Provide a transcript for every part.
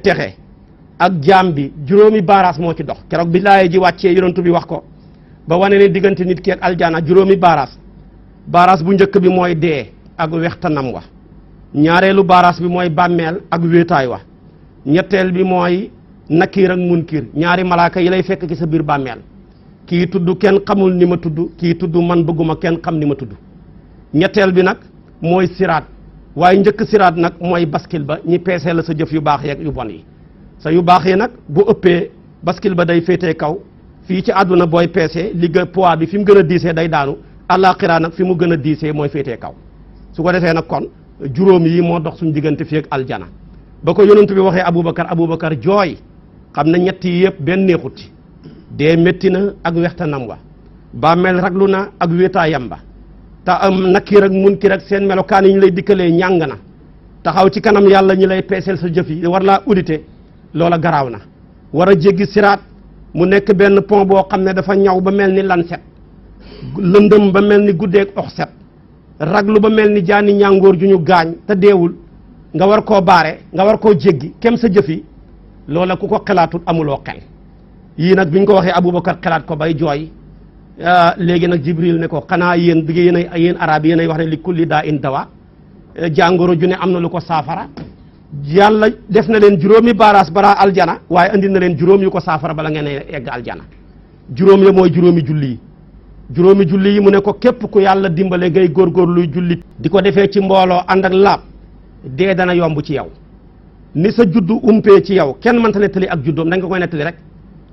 texe ak jaam bi juróomi baaraas moo ci dox keroog bi laaye ji wàccee yonentu bi wax ko ba wane ne diggante nit ki ak aljana juróomi baaraas baaraas bu njëkk bi mooy dee ak wextanam wa ñaareelu baaraas bi mooy bàmmeel ak wéetaay wa ñetteel bi mooy nakiir ak munkir ñaari malaaka yi lay fekk ci sa biir bàmmeel kii tudd kenn xamul ni ma tudd kii tudd man bëgguma kenn xam ni ma tudd ñetteel bi nag mooy siraat waaye njëkk siraat nag mooy baskil ba ñi peesee la sa jëf yu baax yeeg yu bon yi sa yu baax yi nag bu ëppee baskil ba day féetee kaw fii ci àdduna booy peesee li gën poids bi fi mu gën a diisee day daanu àllaaxira nag fi mu gën a diisee mooy féetee kaw su ko defee nag kon juróom yi moo dox suñu diggante fii ak aljana ba ko yonent bi waxee aboubacar aboubacar jooy xam na ñett yi yëpp benn neexut ci dee métti na ak wextanam wa bàmmeel raglu na ak wéetaayam ba te am nakir ak munkir ak seen melokaan yi ñu lay dikkalee ñàng na taxaw ci kanam yàlla ñi lay peeseel sa jëf yi war laa audité loola garaaw na war a jéggi siraat mu nekk benn pont boo xam ne dafa ñaw ba mel ni lanset lëndëm ba mel ni guddeeg oxset raglu ba mel ni jaani ñàngoor ju ñu gaañ te deewul nga war koo baare nga war koo jéggi kem sa jëf yi loola ku ko xelaatul amuloo xel yii nag bi ñu ko waxee Aboubacar xelaat ko bay jooy Ah, léegi nag Jibril ne ko xanaa yéen bi yéen ay yéen arab yéen wax ne li kulli daa in dawa eh, jàngoro ju ne am na lu ko saafara yàlla def na leen juróomi baaraas bara aljana waaye indi na leen juróom yu ko saafara bala ngeen egg aljana juróom ya mooy juróomi julli yi juróomi julli yi mu ne ko képp ku yàlla dimbale ngay luy julli di ko defee ci mbooloo ànd ak laab dee dana yomb ci yow ni sa juddu umpee ci yow kenn mënta nettali ak juddoom da nga koy nettali rek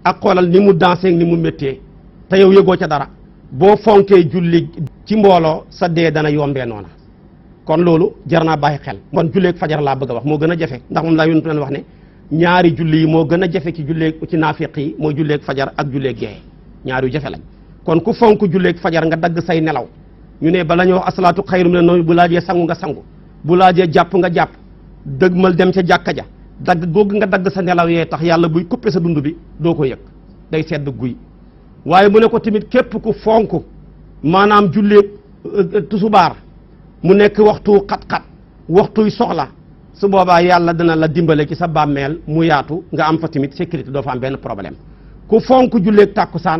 ak xoolal ni mu dansé ni mu méttee te yow yëgoo ca dara boo fonkee julli ci mbooloo sa dee dana yombee noona kon loolu jar naa bàyyi xel kon julleeg fajar laa bëgg a wax moo gën a jafe ndax moom laa yonent leen wax ne ñaari julli yi gën a jafe ci julleeg ci naafiq yi mooy julleeg fajar ak julleeg gee ñaar jafe lañ kon ku fonk julleek fajar nga dagg say nelaw ñu ne ba bala ñoo asalaatu xayru ne nawm bu laajee sangu nga sangu bu laajee jàpp nga jàpp dëgmal dem ca jàkka ja dagg googu nga dagg sa nelaw yee tax yàlla buy coppe sa dund bi doo ko yëg day sedd guy waaye mu ne ko tamit képp ku fonk maanaam julli euh, euh, tusubaar mu nekk waxtu xat-xat waxtuy soxla su boobaa yàlla dina la dimbale ci sa bàmmeel mu yaatu nga am fa tamit sécurité doo fa am benn problème ku fonk julleeg tàkkusaan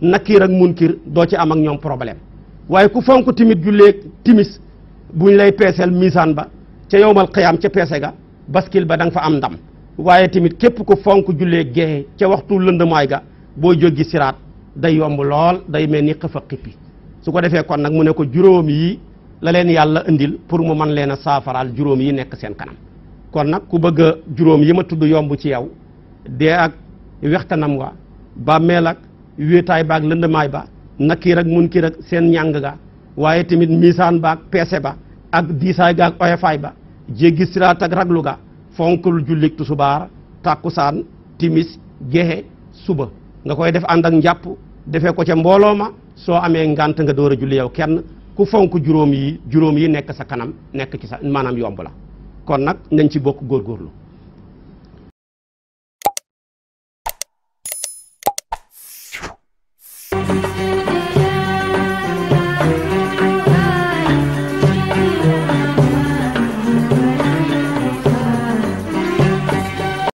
nakiir ak munkir doo ci am ak ñoom problème waaye ku fonk tamit julleeg timis buñ lay peeseel misaan ba ca yowmal qiyaam ca peese ga baskil ba da nga fa am ndam waaye tamit képp ku fonk julleeg gee ca waxtu lëndamaay ga boo jóggi day yomb lool day mel ni xëfa xippi su ko defee kon nag mu ne ko juróom yi la leen yàlla indil pour mu man leen a saafaraal juróom yi nekk seen kanam kon nag ku bëgg a juróom yi ma tudd yomb ci yow dee ak wextanam wa bàmmeel ak wéetaay baak lëndamaay ba nakiir ak munkir ak seen ñàng ga waaye tamit misaan baak peese ba ak diisaay ga ak oyofaay ba jéggi siraat ak raglu ga fonkul jullik tusubaar tàkkusaan timis gexe suba nga koy def ànd ak njàpp defee ko ca mbooloo ma soo amee ngànt nga door a julli yow kenn ku fonk juróom yi juróom yi nekk sa kanam nekk ci sa maanaam yomb la kon nag nañ ci bokk góor góorlu